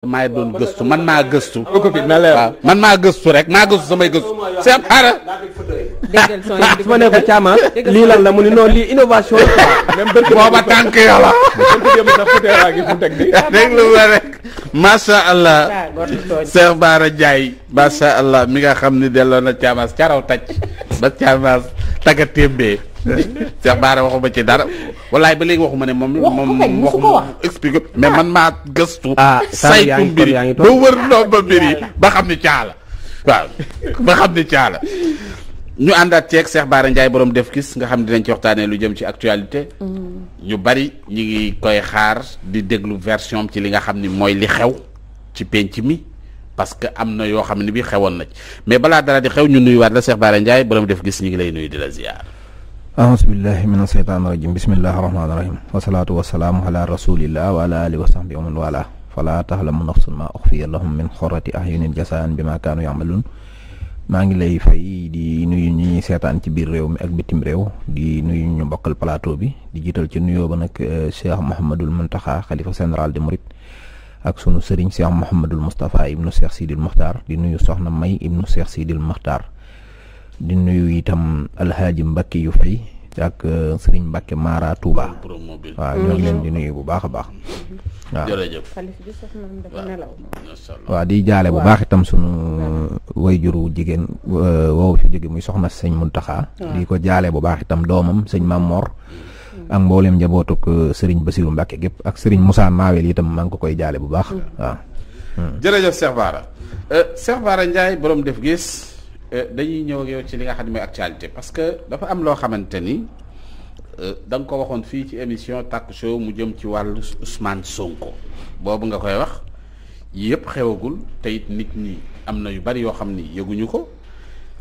maa doon gëstu man maa gëstu. waaw man maa gëstu rek maa gëstu samay gëstu. c'est xaaral. dégg ma ne ko mi nga xam ni delloo na caamaas caraw taj ba caamaas taga témbee Cheikh Baara waxuma ci dara walaay ba léegi waxuma ne moom. moom waxuma expliqué mais man maa gëstu. ah saytu mbir yi ba wër ndomba mbir yi ba xam ne caa la waaw ba xam ne caa la ñu àndaat ceeg Cheikh Baara Ndiaye borom def gis nga xam dinañ ci waxtaanee lu jëm ci actualité. ñu mm. bari ñu ngi koy xaar di déglu version ci li nga xam ni mooy li xew ci penc mi. parce que am na yoo xam ni bi xewoon na ci mais balaa dara di xew ñu nuyuwaat la Cheikh Bara Ndiaye borom def gis ñu ngi lay nuyu di la ziar. ahousubillahi min asheytaan irajim bisimillahi rahmaani rahim wasalaatu wasalaamu ala rasulillah wa ala alihi wa sahbi aman wala fala tahlamu ma uxfiya lahum min xorati ahyunin jasaan bi kaanu yamalun maa ngi lay fay di nuyu ñi seetaan ci biir réew mi ak bitim réew di nuyu ñu bokkal plateau bi di jiital ci nuyoo ba nag eh, cheikh mohamadul muntaxa xalifa général de murit ak sunu sëriñ cheikh mohamadul moustapha ibnu cheikh sidil muxtaar di nuyu soxna may ibnu cheikh sidil di nuyu itam alxaaji Mbacke yu fay ak uh, sëriñ Mbacke Mara Touba. waaw ñoo ngi leen di nuyu bu baax baax. waaw jërëjëf. waaw di jaale bu baax itam sunu wayjuru jigéen uh, wow fi jóge muy soxna sëñ Muntaxa. di ko jaale bu baax itam doomam sëñ Maam Mor. Mm. ak mboolem njabootuk uh, sëriñ Basiru Mbacke gépp ak sëriñ Moussa Nawel itam maa ngi ko koy jaale bu baax. Mm. waaw. Mm. Euh, dañuy ñëw yow ci li nga xam ne actualité parce que dafa am loo xamante ni euh, da nga ko waxoon fii ci émission Taku Show mu jëm ci wàllu Ousmane Sonko boobu nga koy wax yëpp xewagul te it nit ñi am na yu bari yoo xam ni yëguñu ko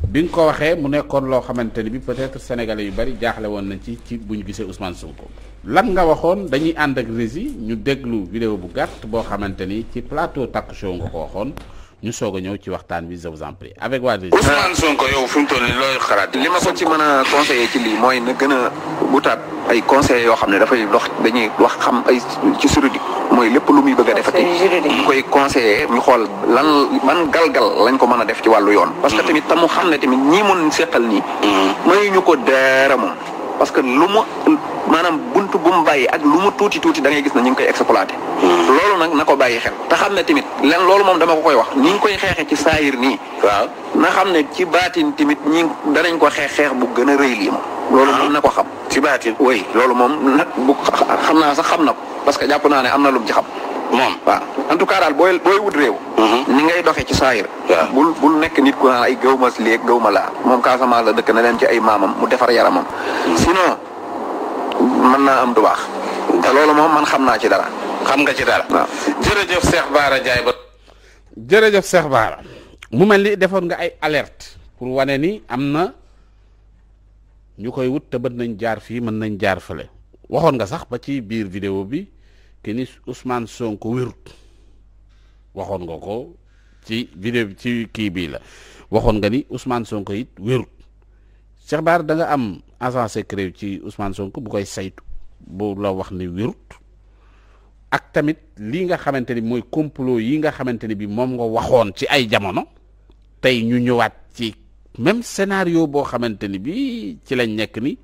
bi nga ko waxee mu nekkoon loo xamante ni bi peut-être sénégalais yu bari jaaxle woon nañ ci ci bu ñu gisee Ousmane Sonko lan nga waxoon dañuy ànd ak rési ñu déglu vidéo bu gàtt boo xamante ni ci plateau Taku Show nga ko waxoon. ñu soog a ñëw ci waxtaan bi je vous en prie avec Wadri. Ousmane Sonko yow fu mu toll nii looy xalaat. li ko ci mën conseiller ci lii mooy na gën a wutaat ay conseils yoo xam ne dafay dox dañuy wax xam ay ci di mooy lépp lu muy bëgg a defati ñu koy conseiller ñu xool lan man galgal lañ ko mën a def ci wàllu yoon. parce que mm. tamit xam ne tamit ñii mun seqal nii. Mm. mayuñu ko dara moom. parce que lu mu maanaam bunt bu mu ak lu mu tuuti tuuti da ngay gis ne ñu ngi koy exploité. Hmm. loolu nag na ko bàyyi xel. te xam ne tamit len loolu moom dama koy wax ni ngi koy xeexee ci saayir nii. waaw na xam ne ci baatin tamit ñi danañ ko xeex xeex bu gën a rëy lii moom. loolu moom na ko xam. ci baatin oui loolu moom nag bu xam naa sax xam na ko parce que jàpp naa ne am na lu mu ci xam. moom waaw en tout cas daal booy booy wut réew mhm. ni ngay doxee ci saayir bul bul nekk nit ku naan ay gëw ma léeg gëw ma laa moom Casamance la dëkk na leen ci ay maamam mu defar yaramam mm. sinon mën naa am du baax te loolu moom man xam naa ci dara xam nga ci dara waaw jërëjëf Cheikh Bara jërëjëf Cheikh Bara mu mel ni defoon nga ay alerte pour wane nii am na ñu koy wut te bët nañ jaar fii mën nañ jaar fële waxoon nga sax ba ci biir vidéo bi que ni Ousmane Sonko wérut waxoon nga ko ci vidéo ci kii bii la waxoon nga ni Ousmane Sonko it wérut Cheikh Bara da nga am agent secret ci Ousmane Sonko bu koy saytu bu la wax ni wérut ak tamit lii nga xamante ni mooy complot yi nga xamante ni bi moom nga waxoon ci ay jamono tey ñu ñëwaat ci même scénario boo xamante ni bi ci la nekk ni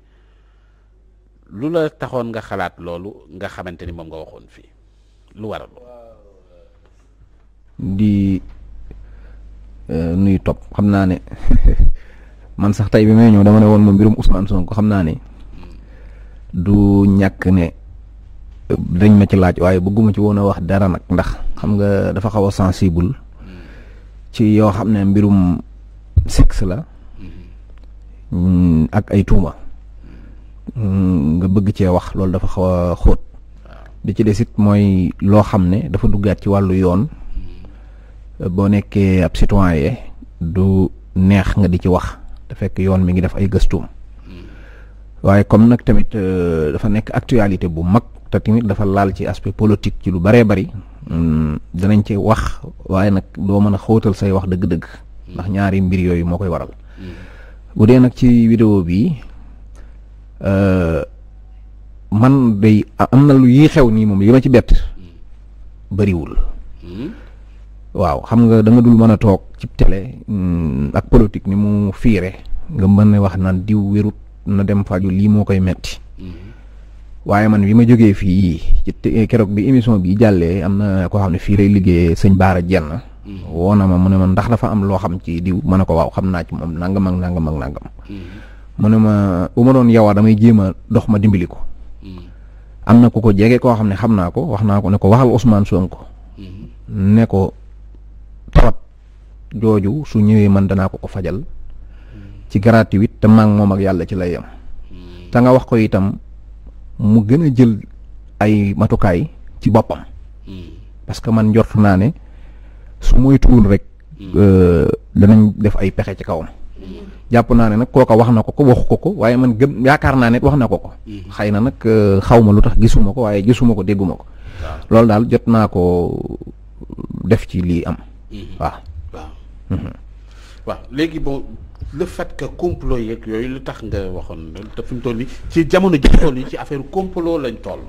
lu la taxoon nga xalaat loolu nga xamante ni moom nga waxoon fii lu waral di eh, nuyu topp xam naa ne man sax tey bi may ñëw dama ne woon moom mbirum Ousmane Sonko xam naa ne du ñàkk ne dañ ma ci laaj waaye bëgguma ci woon a wax dara nag ndax xam nga dafa xaw a sensible ci yoo xam ne mbirum sexe la mm-hmm. ak ay tuuma. Mm, nga bëgg cee wax loolu dafa xaw a xóot di ci des it mooy loo xam ne dafa duggaat ci wàllu yoon hmm. boo nekkee ab citoyen du neex nga di ci wax te fekk yoon mi ngi def ay gëstuum hmm. waaye comme nag tamit euh, dafa nekk actualité bu mag te tamit dafa laal ci aspect politique ci lu baree bari hmm, danañ ci wax waaye nag doo mën a xóotal say wax dëgg-dëgg ndax ñaari mbir yooyu moo koy waral bu dee nag ci vidéo bi Euh, man day am na lu yi xew nii moom li ma ci bett bëriwul. Hmm? waaw xam nga da dul mën a toog ci tele mm, ak politique ni mu fiire nga mën a wax naan diw wérut na dem faju lii moo koy metti hmm. waaye man bi ma jógee fii ci keroog bi émission bi jàllee am na koo xam ne fii lay liggéeyee sëñ Baara Jenn hmm. woo na ma mu ne man ndax dafa am loo xam ci diw mën a ko waaw xam naa ci moom nangam ak nangam ak nangam. mu ne ma bu ma doon yowaa damay jéem a dox ma dimbili ko. Mm-hmm. am na ku ko jege koo xam ne xam naa ko wax naa ko ne ko waxal Ousmane Sonko. Mm-hmm. ne ko tawat jooju su ñëwee man danaa ko ko fajal. Mm-hmm. ci gratuit te maa moom ak yàlla ci lay yem. te nga wax ko itam mu gën a jël ay matukaay ci boppam. parce que man njort naa ne su moytuwul rek. Euh, danañ def ay pexe ci kawam. jàpp naa ne nag kooka wax na ko ko waxu ko ko waaye man gëm yaakaar naa ne wax na ko ko. Mhm. xëy na nag euh, xaw ma lu tax gisuma ko waaye gisuma ko dégguma ko. loolu daal jot naa ko def ci lii am. Mhm. waaw waaw. Mhm. léegi boo le fait que complot yooyu lu tax nga waxoon te fi mu toll nii ci jamono ji toll yi ci affaire complot lañ toll.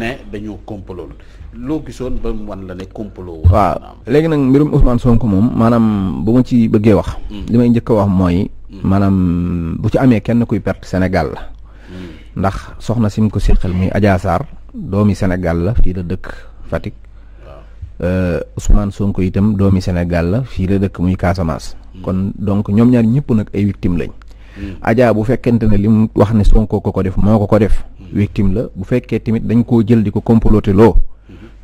ne dañoo complot loo gisoon ba mu wan la ne complot waaw léegi nag mbirum Ousmane Sonko moom maanaam bu ma ci bëggee wax. Hmm. li may njëkk a wax mooy. Hmm. maanaam bu ci amee kenn kuy perte Sénégal la. Hmm. ndax soxna sim ko séqal muy Adja Sarr doomi Sénégal la fii la dëkk Fatick. Euh, Ousmane Sonko itam doomi Sénégal la fii la dëkk muy Casamance. kon donc ñoom ñaar ñëpp nag ay victime lañ. Adja bu fekkente ne li mu wax ne Sonko ko ko def moo ko ko def. victime la bu fekkee tamit dañ koo jël di ko comploter loo.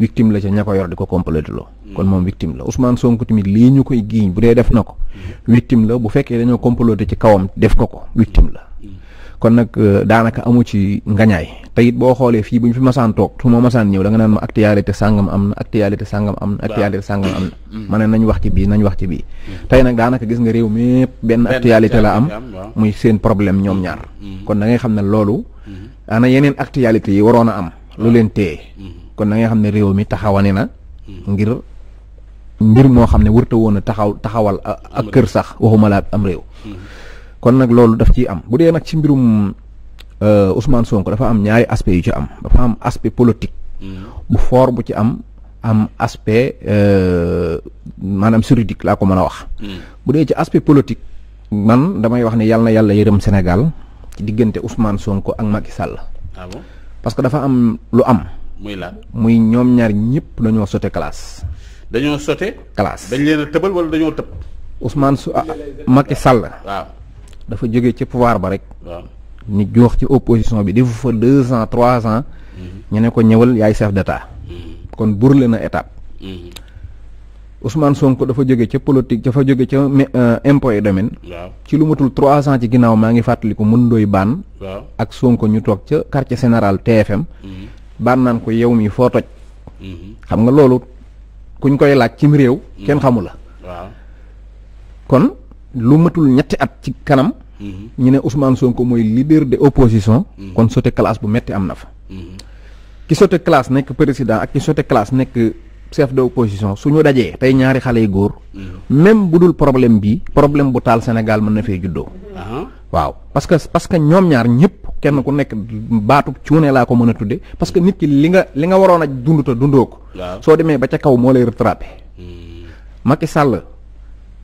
victime la ca ña ko yor di ko complété loo mm-hmm. kon moom victime la Ousmane Sonko tamit lii ñu koy giiñ bu dee def na ko mm-hmm. victime la bu fekkee dañoo comploté ci kawam def ko ko victime la mm-hmm. kon nag euh, daanaka amu ci ngañaay te it boo xoolee fii bu ñu fi masaan toog su ma masaan ñëw da nga naan ma actualité sàngam am na actualité sàngam am na actualité sàngam am na nañ wax ci bii nañ wax ci bii tey nag daanaka gis nga réew mépp benn actualité la am muy seen problème ñoom ñaar kon da ngay xam ne loolu ana yeneen actualité yi waroon a am lu leen téye kon na nga xam ne réew mi taxawane na hmm. ngir mbir moo xam ne wërta woon a taxaw taxawal ak kër sax waxuma la am réew hmm. kon nag loolu daf ciy am bu dee nag ci mbirum euh, Ousmane Sonko dafa am ñaari aspect yu ci am dafa am aspect politique hmm. bu foor bu ci am am aspect euh, maanaam juridique laa ko mën a wax bu dee ci aspect politique man damay wax ne yàlla na yàlla yërëm Sénégal ci diggante Ousmane Sonko ak Macky Sall ah parce dafa am lu am muy muy ñoom ñaar ñëpp dañoo sote classe. dañoo sote. classe dañ leen a tëbal wala dañoo tëb. Ousmane su ah, Macky Sall. waaw dafa jóge ci pouvoir ba rek. ñu jox ci opposition bi defu fa deux ans trois ans. Mhm. ñu ne ko ñëwal yaay chef d'état. Mhm. kon burle na étape. Mhm. Ousmane Sonko dafa jóge ca politique dafa jóge ca euh, impôt et domaine. ci lu matul trois ans ci ginnaaw maa ngi fàttaliku mun ndooy baan. ak Sonko ñu toog ca quartier général TFM. baan naan ko yow mi foo toj. Mhm. xam nga loolu kuñ koy laaj cim réew. kenn mhm. xamu la. waaw kon lu matul ñetti at ci kanam. Mhm. ñu ne Ousmane Sonko mooy leader de opposition. kon sote classe bu metti am na fa. ki sote classe nekk président ak ki sote classe nekk chef de opposition su ñu dajee tey ñaari xale yu góor. même bu dul problème bii problème bu taal Sénégal mën na fee juddoo. Ah. waaw parce que ñoom ñaar ñëpp. kenn ku nekk baatu cuune laa ko mën a tudde parce que nit ki li nga li nga waroon a dund te dundoo ko. soo demee ba ca kaw moo lay rattrapé. Hmm. Macky Sall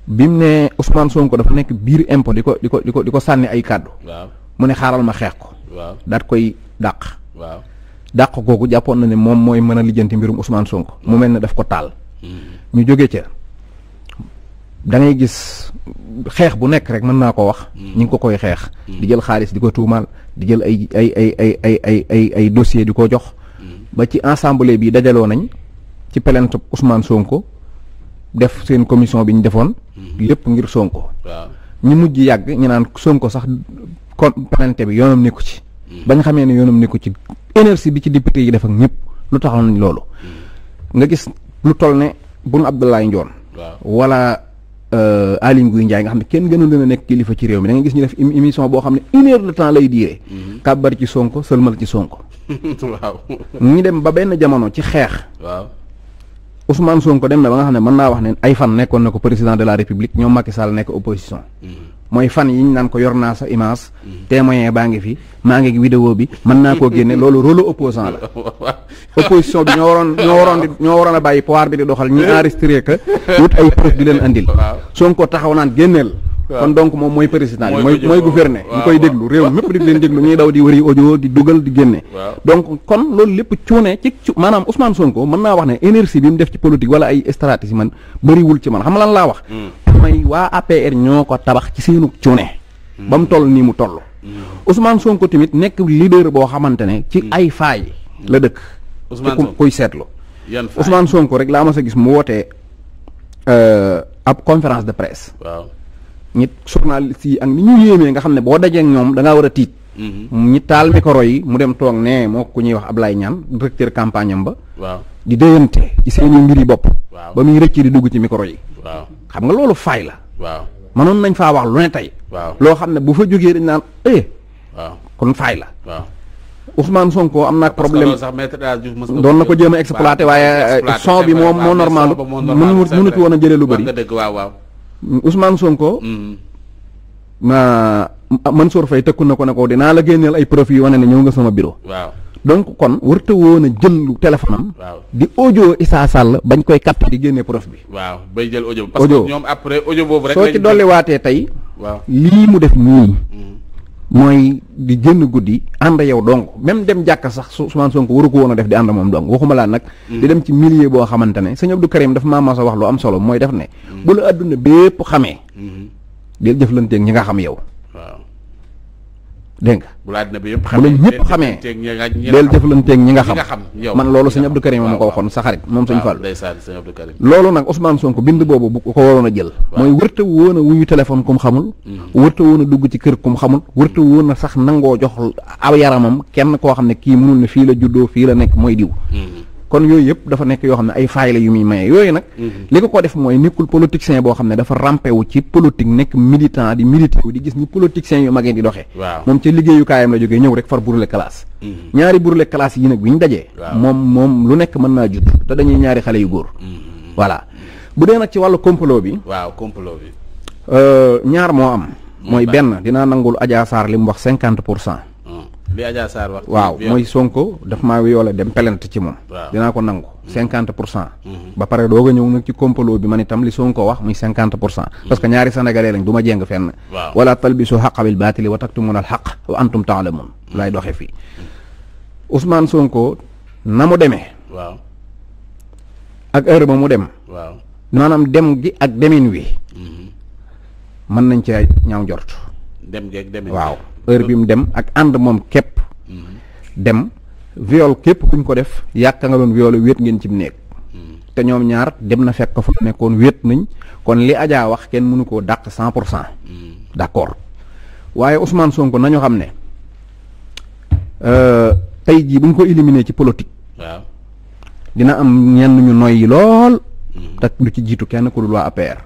bi mu ne Ousmane Sonko dafa nekk biir impôt di ko di ko di ko di ko sànni ay kàddu. mu ne xaaral ma xeex ko. daat koy dàq. waaw dàq kooku jàppoon na ne moom mooy mën a lijjanti mbirum Ousmane Sonko mu mel ne daf ko taal. Hmm. ñu jóge ca. da ngay gis xeex bu nekk rek mën naa ko wax. Hmm. ñu ngi ko koy xeex. Hmm. di jël xaalis di ko tuumaal di jël ay ay ay ay ay ay ay ay dossier di ko jox. Hmm. ba ci ensemble bi dajaloo nañ ci plainte Ousmane Sonko def seen commission bi ñu defoon. lépp ngir Sonko. ñu mujj yàgg ñu naan ko sax kon plainte bi yoonam nekku ci. ba nga xamee ne yoonam nekku ci énergie bi ci député yi def ak ñëpp lu taxaw nañ loolu. nga gis lu toll ne Boun Abdallah Dionne. wala. Euh, Aly Ngouille Ndiaye nga xam ne kenn gënoon na nekk kilifa ci réew mi da nga gis ñu def émission boo xam ne une heure de temps lay diire. Mm-hmm. kàbbar ci Sonko sëlmal ci Sonko. waaw. ñu dem ba benn jamono ci xeex. waaw Ousmane Sonko dem na ba nga xam ne mën naa wax ne ay fan nekkoon na ko président de la république ñoom Macky Sall nekk opposition. Mm-hmm. mooy fan yi ñu naan ko yor naa sa image. Mm-hmm. témoin baa ngi fi maa ngi vidéo bi mën naa koo génne loolu rôle opposant la. opposition bi ñoo waroon ñoo waroon ñoo waroon a bàyyi pouvoir bi di doxal ñu enregistré ka wut ay preuve di leen andil. Sonko taxaw naan génneel. kon donc moom mooy président bi mooy mooy gouverner ñu koy déglu réew mépp di leen déglu ñuy daw di wëri audio di dugal di génne donc kon loolu lépp cuune ci maanaam Ousmane Sonko mën naa wax ne énergie bi mu def ci politique wala ay stratégie man bëriwul ci man xam lan laa wax hmm. may waa APR ñoo ko tabax ci seenu cuune hmm. ba mu toll nii mu toll hmm. Ousmane Sonko tamit nekk leader boo xamante ne ci ay faay la dëkk ci kuy seetlu Ousmane Sonko rek laa ma a gis mu wootee euh, ab conférence de presse ñi journaliste yi ak ni ñu yéemee nga xam ne boo dajee ñoom da war a tiit. Mm-hmm. ñi taal micro yi mu dem toog nee moo ku ñuy wax Ablaye Niane directeur campagne am ba. waaw di déyante ci seen i mbir yi bopp. ba muy rëcc di dugg ci micro yi. waaw xam nga loolu faay la. waaw mënoon nañ faa wax lu ne tey. waaw loo xam ne bu fa jógee dañ naan eh. kon faay la. waaw Ousmane Sonko am naag problème doon na ko jéem a exploité waaye. Eh, son bi moom moo normal mënut mënut woon a jëlee lu bëri. waaw waaw. Ousmane Sonko. Mm-hmm. ma Mansour Faye tëkku na ko ne ko dinaa la génneel ay profil yi wane na ñëw nga sama biro waaw donc kon warta woon a jël téléphone am. di ojo Issa Sall bañ koy capté di génne prof bi. waaw bay jël audio. parce que ñoom après ojo boobu rek. soo ci dolliwaatee tey. waaw lii mu def nii. Mm-hmm. mooy di génn guddi ànd yow dong même dem jàkka sax su Ousmane Sonko waru ko woon a def di ànd moom dong waxuma laa nag. di mm. dem ci millier boo xamante ne sëñ Abdou Karim dafa maa mas a wax lu am solo mooy def ne. Mm. bu la adduna bépp xamee. Mm-hmm. di jëflanteeg ñi nga xam yow. dégg nga bu la àddina bi yëpp xamee bu la ñëpp xamee deel ñi nga xam man loolu sëñ Abdou Karim ma ko waxoon sa xarit moom sëñ Fall loolu nag Ousmane Sonko bind boobu bu ko waroon a jël mooy wërta woon a wuyu téléphone kum xamul mm-hmm. wërta woon dugg ci kër kum xamul wërta woon a sax nangoo jox ab yaramam kenn koo xam ne kii mënul ne fii la juddoo fii la nekk mooy diw mm-hmm. kon yooyu yëpp dafa nekk yoo xam ne ay faay la yu muy maye yooyu nag. Mhm. li ko ko def mooy nekkul politicien boo xam ne dafa rampé wu ci politique nekk militant di milité wu di gis ni politicien yu magee di doxee. waaw moom ca liggéeyukaayam la jógee ñëw rek far burle classe. Mhm. ñaari burle classe yi nag bi ñu dajee. moom moom lu nekk mën naa judd te dañuy ñaari xale yu góor. Mhm. voilà bu dee nag ci wàllu complot bi. waaw complot bi. Euh, ñaar moo am. mooy benn dinaa nangul Adja Sarr li mu wax cinquante pour cent. li Adja Sarr wax waaw mooy Sonko daf maa wiyoo dem pelent ci moom. dinaa ko nangu cinquante pour cent. Mhm. ba pare doog a ñëw nag ci complot bi man itam li Sonko wax muy cinquante pour cent. Mhm. parce que ñaari sénégalais lañ du ma jéng fenn. waaw wala talbisu xaqa bil baatili wa taktumuna al xaq wa antum taalamun mhm. lay doxee fii Ousmane Sonko na mu demee. waaw ak heure ba mu dem. waaw maanaam dem gi ak demin wi. mën nañ cee ñaaw njort. dem gi ak waaw. heure bi mu dem ak ànd moom képp dem viole képp kuñ ko def yàq nga doon violé wéet ngeen ci mu nekk te ñoom ñaar dem na fekk fa nekkoon wéet nañ kon li ajaa wax kenn mënu koo dàq cent pour cent d'accord waaye Ousmane Sonko nañu xam ne euh, tey jii bu ko éliminer ci politique dina am ñenn ñu noyyi lool mm-hmm. te du ci jiitu kenn ku dul waa APR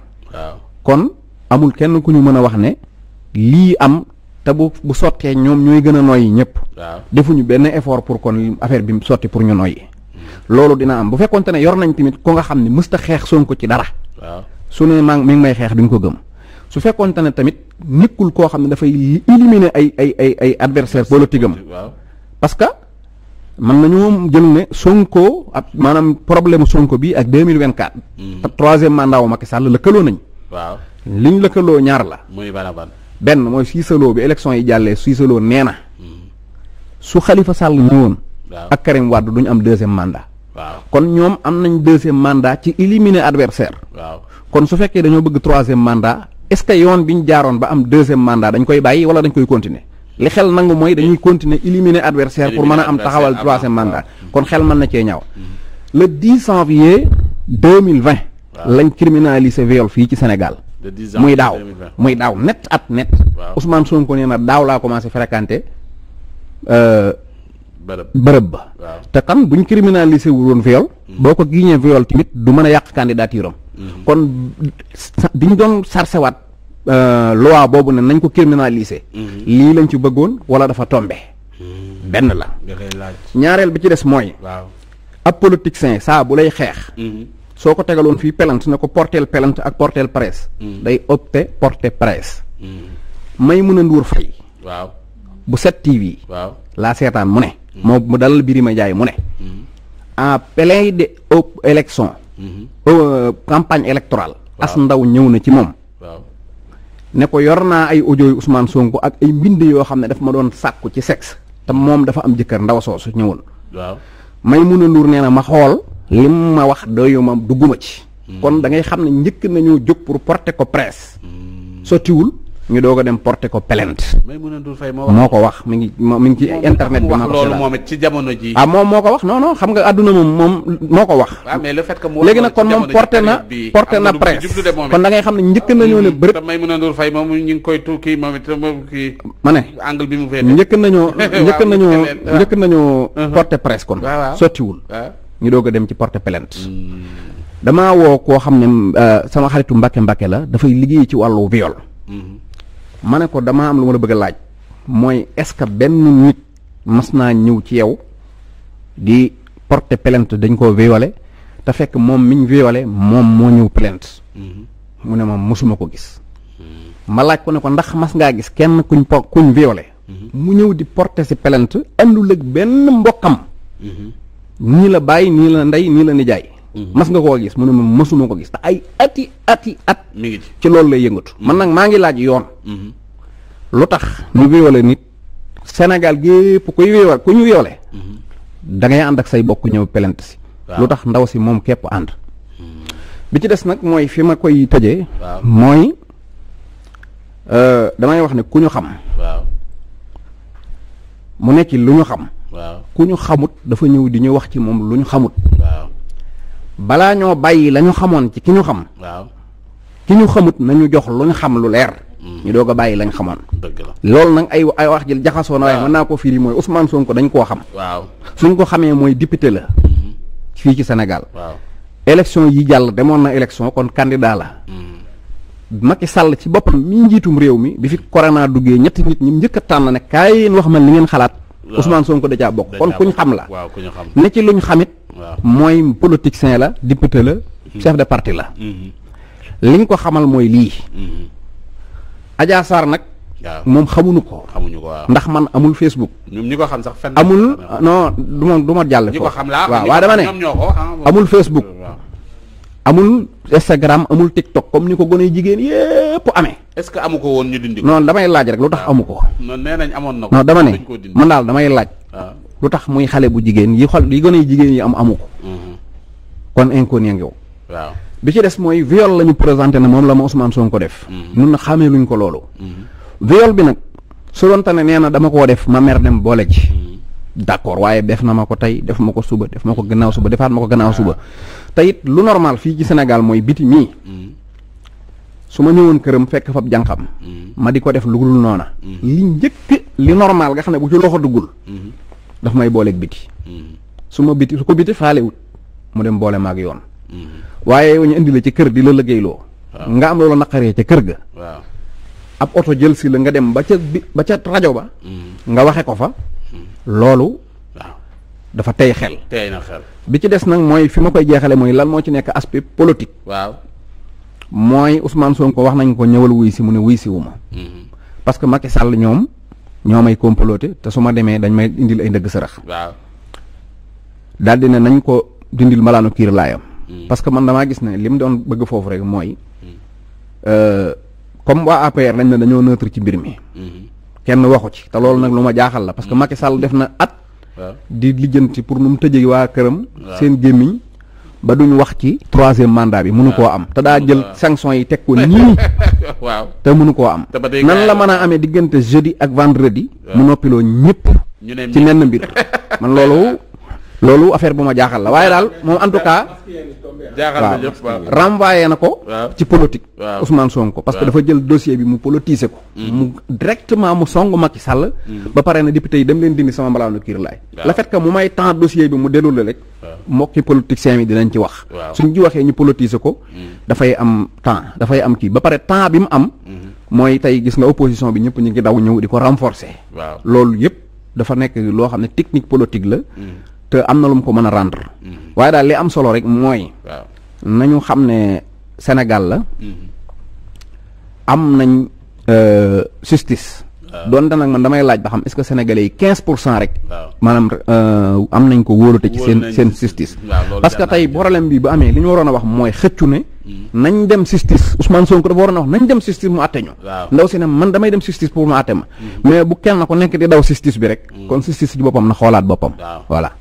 kon amul kenn ku ñu mën a wax ne lii am te bu bu sottee ñoom ñooy gën a noyyi ñëpp. waaw defuñu benn effort pour kon affaire bi mu sotti pour ñu noyyi. Hmm. loolu dina am bu fekkonte ne yor nañ tamit ko nga xam ne mësta xeex Sonko ci dara. su ne maa mi ngi may xeex nga ko gëm. su fekkonte ne tamit nekkul koo xam ne dafay éliminer ay ay ay ay adversaire politique am parce que mën nañu jël ne Sonko ak maanaam problème Sonko bi ak deux mille vingt quatre. Hmm. troisième mandat wu Macky Sall lëkkaloo nañ. waaw liñ lëkkaloo ñaar la. muy benn mooy Cissé bi élection yi jàllee Cissé nee na su xalifa Khalifa Sall ñëwoon. ak Karim Wade duñ am deuxième mandat. waaw kon ñoom am nañ deuxième mandat ci éliminer adversaire waaw kon su fekkee dañoo bëgg troisième mandat est-ce que yoon bi ñu jaaroon ba am deuxième mandat dañ koy bàyyi wala dañ koy continuer li xel nangu mooy dañuy continuer éliminer adversaire pour mën a am taxawal troisième mandat kon xel mën na cee ñaw mm-hmm. le 10 janvier 2020. lañ criminaliser viol fii ci Sénégal. muy daaw muy daaw net at net Ousmane ko nee na daaw laa commencé fréquenté euh, bërëb ba te kan buñ criminalisé wuloon viol mm-hmm. boo ko giñee viol tamit du mën a yàq candidature am mm-hmm. kon diñ doon sarsewaat euh, loi boobu ne nañ ko criminalisé mm-hmm. lii lañ ci bëggoon wala dafa tombe benn la ñaareel bi ci des mooy ab politicien saa bu lay xeex soo ko tegaloon fii pelante ne ko porteel pelante ak porteel presse. Mm. day opté porté presse. Mm. may mun a nduur fay. waaw bu set TV. waaw laa seetaan mu ne. Mm. moo mu dalal Birima Ndiaye mu ne. en plein de élection. Mm-hmm. Euh, campagne électorale. as ndaw ñëw na ci moom. ne ko yor naa ay audio yu Ousmane ak ay mbind yoo xam ne dafa ma doon sàkku ci sexe. te moom dafa am jëkkër ndaw soosu ñëwoon. waaw may mun a nduur nee na ma xool. lim ma wax doyu ma dugguma ci. Hmm. kon da ngay xam ne njëkk nañoo jóg pour porte ko presse. Hmm. sottiwul ñu doog ko dem porte ko plainte. moo ko wax mi ngi mi ngi ci internet. bi ma ko loolu moom ci jamono ji. ah moo ko wax non xam nga àdduna moom moom moo ko wax. waaw ah, mais le fait que léegi kon moom na porté na presse kon da ngay xam ne njëkk nañoo ne bërëb. may mën a Ndour Faye moom ngi koy tukki moom it moom kii. ma ne angle bi mu fee njëkk nañoo njëkk nañoo njëkk nañoo uh-huh. porté presse kon. sottiwul ñu doog a dem ci porte plainte hmm. damaa woo koo xam ne euh, sama xaritu mbàkke mbàkke la dafay liggéey ci wàllu viol hmm. ma ne ko damaa am lu ma la bëgg a laaj mooy est-ce que benn nit mas naa ñëw ci yow di porte plainte dañ koo violé te fekk moom miñ violé moom moo ñëw plainte hmm. mu ne ma mosuma ko gis ma laaj ko ne ko ndax mas ngaa gis kenn kuñ po kuñ violé mu ñëw di porte si plainte àndul ak benn mbokkam nii la bàyyi nii la ndey nii la nijaay. Mhm. mas nga koo gis mu ne ma masuma ko gis te ay ati ati at. ci loolu lay yëngatu. man nag maa ngi laaj yoon. Mhm. lu tax ñu wéewale nit. senegal gépp kuy wéewal ku ñu wéewale. Mhm. ànd ak say bokk ñëw pelent si. lu tax ndaw si moom kepp ànd. bi ci des nag mooy fi ma koy tëje mooy euh, damay wax ne ku ñu xam. mu nekk lu ñu xam. waaw ku ñu xamut dafa ñëw di ñu wax ci moom lu ñu xamut. waaw balaa ñoo bàyyi la xamoon ci ki ñu xam. waaw ki ñu xamut nañu jox lu ñu xam lu leer. Mm. ñu doog a bàyyi lañ xamoon. dëgg la loolu nag ay ay wax jël jaxasoo na waaye mën naa ko firi mooy Ousmane Sonko dañ koo xam. waaw suñ ko xamee mooy député la. Mm-hmm. fii ci Sénégal. waaw élection yi jàll demoon na élection kon candidat la. Mm. Macky Sall ci boppam mi njiitum réew mi bi fi corona duggee ñett nit ñi njëkk tànn ne kaay yéen wax man li ngeen xalaat. Ousmane Sonko da caa bokk kon ñu xam la ne ci luñ xamit mooy politicien la député la mhm. chef de parti la mhm. liñ ko xamal mooy lii mhm. ajaa Sarr nag moom xamuñu ko xamuñu ko ndax man amul Facebook ñoom ñi ko xam sax fenn amul non du ma du ma jàll foofu waaw waaw dama ne ah, amul Facebook amul Instagram amul TikTok comme ni ko gone jigéen yépp ame est-ce que amu ko woon ñu dindi ko. non damay laaj rek lu tax ah. amu ko. non nee nañ amoon na ko. non dama ne man daal damay laaj. Ah. lu tax muy xale bu jigéen yi xol yi gone jigéen yi am amu ko. Mhm. kon inconnu ngew waaw bi ci des mooy viol la ñu présenté ne moom la ma Ousmane ko def. Mhm. ñun xamee luñ ko loolu. Mhm. viol bi nag su doon tane nee na dama koo def ma mer dem boole ci. d'accord waaye def na ma ko tey def ma ko suba def ma ko gannaaw suba defaat ma ko gannaaw ah. suba te it lu normal fii ci Sénégal mooy biti mii mm. su ma ñëwoon këram fekk fab jànqam mm. ma di ko def lu dul noona mm. li njëkk li normal nga xam ne bu ci loxo duggul daf may booleeg biti su ma biti su ko biti faalewut mu dem boole maag yoon waaye ñu indi la ci kër di la liggéeyloo nga am loolu naqaree ca kër ga ab oto jël si la nga dem ba ca bi ba ca rajo ba nga waxe ko fa loolu waaw dafa tey xel tey na xel bi ci des nag mooy fi ma koy jeexale mooy lan moo ci nekk aspect politique waaw mooy Ousmane Sonko wax nañ ko ñëwal wuy si mu ne wuy si wu ma mhm. parce que Macky Sall ñoom ñoo may comploté te su ma demee dañ may indil ay ndëgg sërëx waaw daal di ne nañ ko dindil malaanu kiir laayam mhm. parce que man damaa gis ne li mu doon bëgg foofu rek mooy mhm. euh, comme waa APR lañ ne dañoo neutre ci mbir mi kenn waxu ci te loolu nag lu ma jaaxal la parce que mm. Macky def na at. di lijjanti pour nu mu tëjee waa këram. seen gémmiñ ba duñu wax ci. troisième mandat bi munu koo am. te daa jël sanction yi teg ko nii. waaw te munu koo am. nan la mën a amee diggante jeudi ak vendredi. mu noppiloo ñëpp. ci nenn mbir man loolu. loolu affaire bu ma jaaxal la waaye daal moom en tout cas. jaaxal na waaw renvoyé na ko. ci politique. Ousmane Sonko parce que dafa jël dossier bi mu politiser ko. Mm-hmm. mu directement mu song Macky Sall. Mm-hmm. ba pare na député yi dem leen dindi sama mbalaanu kiir laay. la fait que mu may temps dossier bi mu déroulé rek. mbokki politiciens yi dinañ ci wax. suñ ci waxee ñu politiser ko. Mm-hmm. dafay am temps dafay am kii ba pare temps bi mu am. mooy tey gis nga opposition bi ñëpp ñu ngi daw ñëw di ko renforcer. loolu yëpp dafa nekk loo xam ne technique politique la. te am na lu mu ko mën a rendre. Mm-hmm. waaye daal li am solo rek mooy. nañu xam ne Sénégal la. Mm-hmm. am nañ euh, justice. doonte nag man damay laaj ba xam est-ce que sénégalais yi pour cent rek. maanaam euh, am nañ ko wóolute ci seen seen justice. parce que tey problème bi bu amee li ñu waroon a wax mooy xëccu ne. Mm-hmm. nañ dem justice Ousmane Sonko dafa waroon a wax nañ dem justice mu àtte ñu. ndaw si ne man damay dem justice pour mu àtte ma. mais bu kenn ko nekk di daw justice bi rek. kon justice bi boppam na xoolaat boppam. voilà.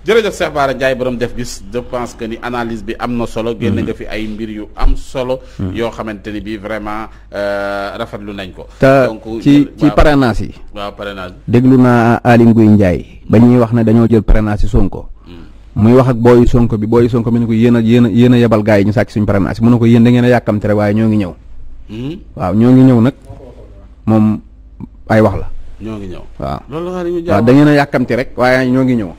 jërëjëf Cheikh Bara Ndiaye boroom def gis je pense que ni analyse bi am na solo. Mm-hmm. génn nga fi ay mbir yu am solo. Mm-hmm. yoo xamante ni bii vraiment euh, rafetlu nañ ko. donc ci ci parrainage yi. waaw parrainage déglu naa Aly Ngouille njaay ba ñuy wax ne dañoo jël parrainage si Sonko. Mm. muy wax ak booyu Sonko bi booyu Sonko mi ne ko yéen a yéen a yéen yebal gars yi ñu sàcc suñu parrainage mu ne ko yéen da ngeen a yàkkamte rek waaye ñoo ngi ñëw. Mm-hmm. waaw ñoo ngi ñëw nag moom ay wax la. ñoo ngi ñëw waaw. loolu da ngeen a yàkkamti rek waaye ñoo ngi ñëw.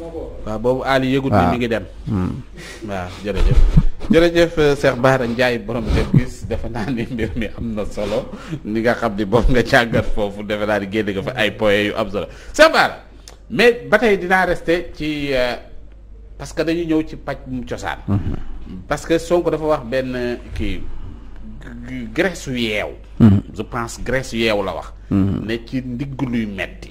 waaw boobu Ali yëgut ni mi ngi dem. Hmm. waaw jërëjëf. jërëjëf euh, Cheikh Bara Ndiaye borom def gis defe naa ni mbir mi am na solo ni nga xam ni boobu nga jàngat foofu defe naa ni génne fa ay points yu am solo Cheikh Bara mais ba tey dinaa reste ci euh, parce que dañu ñëw ci pàcc mu cosaan. Hmm. parce que Sonko dafa wax benn kii. Grèce yeew mm-hmm. je pense Grèce yeew la wax mm-hmm. ne ci ndigg luy metti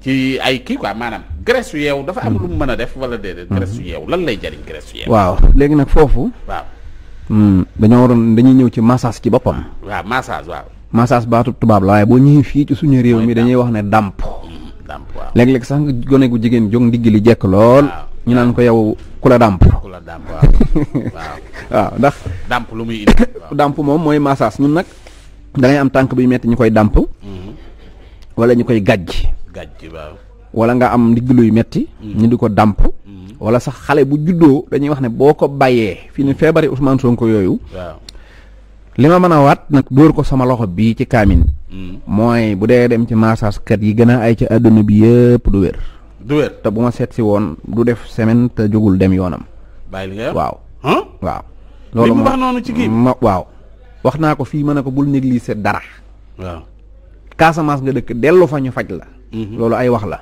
ci ay kii quoi maanaam Grèce yeew dafa am lu mu mën a def wala déedéet mm-hmm. Grèce yeew lan lay jariñ Grèce yeew waaw léegi nag foofu waaw mm, dañoo waroon dañuy ñëw ci massage ci boppam waaw massage waaw massage baatu tubaab la waaye boo ñëwee fii ci suñu réew mi dañuy wax ne dàmp dàmp waaw sax nga gone gu jigéen jóg ndigg li jekk lool ñu naan ko yow ku la dàmp waaw ndax dàmp lu muy moom mooy massage ñun nag da am tànk buy metti ñu koy dàmp mm-hmm. wala ñu koy gàjj gàjj nga am ndigg luy metti mm-hmm. ñu di ko dàmp mm-hmm. wala sax xale bu juddoo dañuy wax ne boo ko bàyyee fi ñu feebari Ousmane sonk yooyu li ma mën a waat nag dóor ko sama loxo bi ci kaamin mooy bu dee dem ci massage kat yi gën a ay ci àdduna bi yëpp du wér du wér te bu ma seet si woon du def semaine te jógul dem yoonam. waaw. waaw. loolu mu ci waaw. wax naa ko fii ma ne ko bul négliger dara. waaw Casamance nga dëkk dellu fa ñu faj la. Mhm. loolu ay wax la.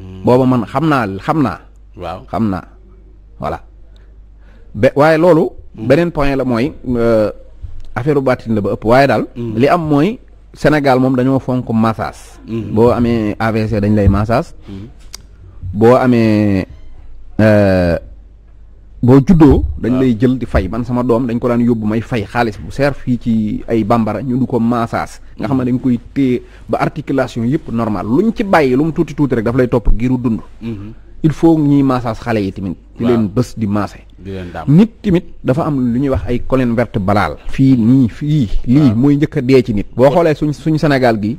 Mhm. booba man xam naa xam naa. waaw xam naa voilà. be waaye loolu. Mhm. beneen point la mooy euh, affaire bàttin la ba ëpp waaye daal. li am mooy Sénégal moom dañoo fonk massage. boo amee AVC dañ lay massage. boo amee euh, boo juddoo dañ ah. lay jël di fay man sama doom dañ ko daan yóbbu may fay xaalis bu seer fii ci ay bambara ñu du ko maasaas nga xam ne dañ koy téye ba articulation yëpp normal luñ ci bàyyi lu mu tuuti tuuti rek daf lay topp giru dund mhm. il faut ñuy maasaas xale yi tamit di leen bës di maase nit tamit dafa am lu ñuy wax ay colonne balaal fii nii fii lii ah. mooy njëkk a dee ci nit boo xoolee suñ suñu Sénégal gi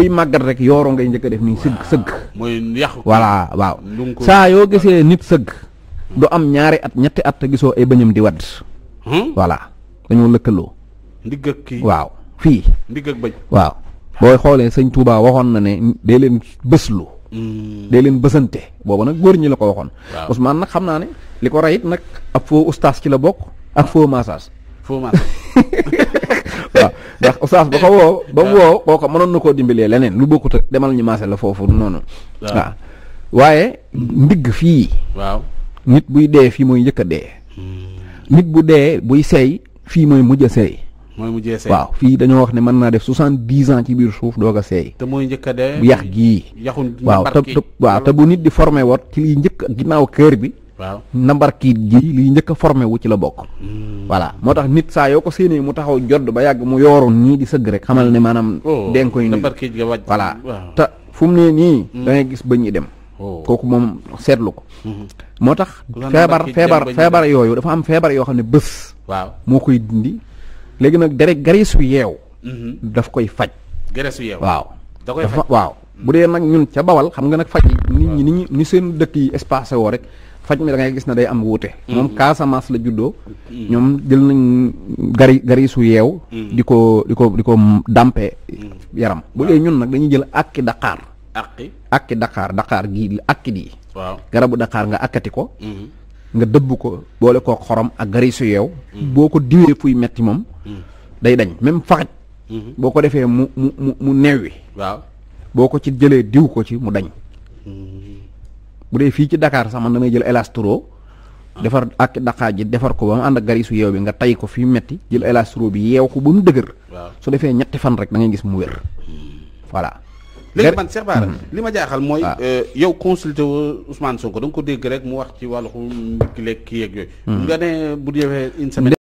kuy màggat rek yooro ngay njëkk a def nii sëgg sëgg. mooy yàqu voilà waaw. saa yoo gisee nit sëgg. du am ñaari at ñetti at a gisoo ay bëñam di wadd. Hmm? voilà dañoo lëkkaloo. ndigg ak kii waaw fii. ndigg ak bëñ waaw booy xoolee sëñ Touba waxoon na ne dee leen bëslu. Hmm. dee leen bësante booba nag góor ñi la ko waxoon. waaw Ousmane nag xam naa ne li ko rey it nag ab faux oustaz ci la bokk. ak foo massage. faux massage. waaw ndax oustaz ba ko woo ba mu woo kooka mënoon na koo dimbalee leneen lu bokkut ak demal ñu maase la foofu noonu waaw waaye ndigg fii waaw nit buy dee fii mooy njëkk a dee hmm. nit bu dee buy seey fii mooy mujj a seey mooy mujjee seey waaw fii dañoo wax ne mën naa def soixante dix ans ci biir suuf doog a seey. te mooy njëkk a dee yax gii. waaw te bu nit di formé woot ci liy njëkk ginnaaw kër bi. waaw nambar kiit gi liy njëkk a formé wu ci la bokk. Hmm. voilà moo tax nit saa yoo ko séenee mu taxaw jodd ba yàgg mu yooru nii di sëgg rek xamal ne maanaam. Oh, den koy nuyu nambar kiit ga wàcc voilà te fu mu ne nii. Hmm. da ngay gis ba ñuy dem. Oh. kooku moom seetlu ko. Hmm. moo tax feebar feebar feebar yooyu dafa am feebar yoo xam ne bés. waaw moo koy dindi léegi nag dere garis yu yeew. daf koy faj. garis waaw. da koy faj waaw bu dee nag ñun ca bawal xam nga nag faj yi nit ñi ni ñu ni seen dëkk yi espacé rek. faj mi da ngay gis na day am wuute mm-hmm. moom Casamance la juddoo mm-hmm. ñoom jël nañ gari gari su yeew mm-hmm. di ko di ko di ko dàmpe yaram bu dee ñun nag dañuy jël akki daqaar akki akki daqaar daqaar gii akki di waaw garabu daqaar nga akkati ko nga dëbb ko boole koo xorom ak gari su yeew boo ko diwee fuy metti moom day dañ même faxaj boo ko defee mu mu mu mu neewi boo ko ci jëlee diw ko ci mu dañ bu dee fii ci dakaar sax man damay jël élastro defar ak daqaaj ji defar ko ba mu ànd garisu yeew bi nga tey ko fi metti jël élastro bi yeew ko ba mu dëgër. su defee ñetti fan rek da ngay gis mu wér. Hmm. voilà. léegi man Cheikh Bara hmm. li ma jaaxal mooy. Ah. Euh, yow consulté wu Ousmane Sonko da nga ko dégg rek mu wax ci wàllu mbir ki lekk kii yeeg yooyu. Hmm. nga ne bu defee une semaine.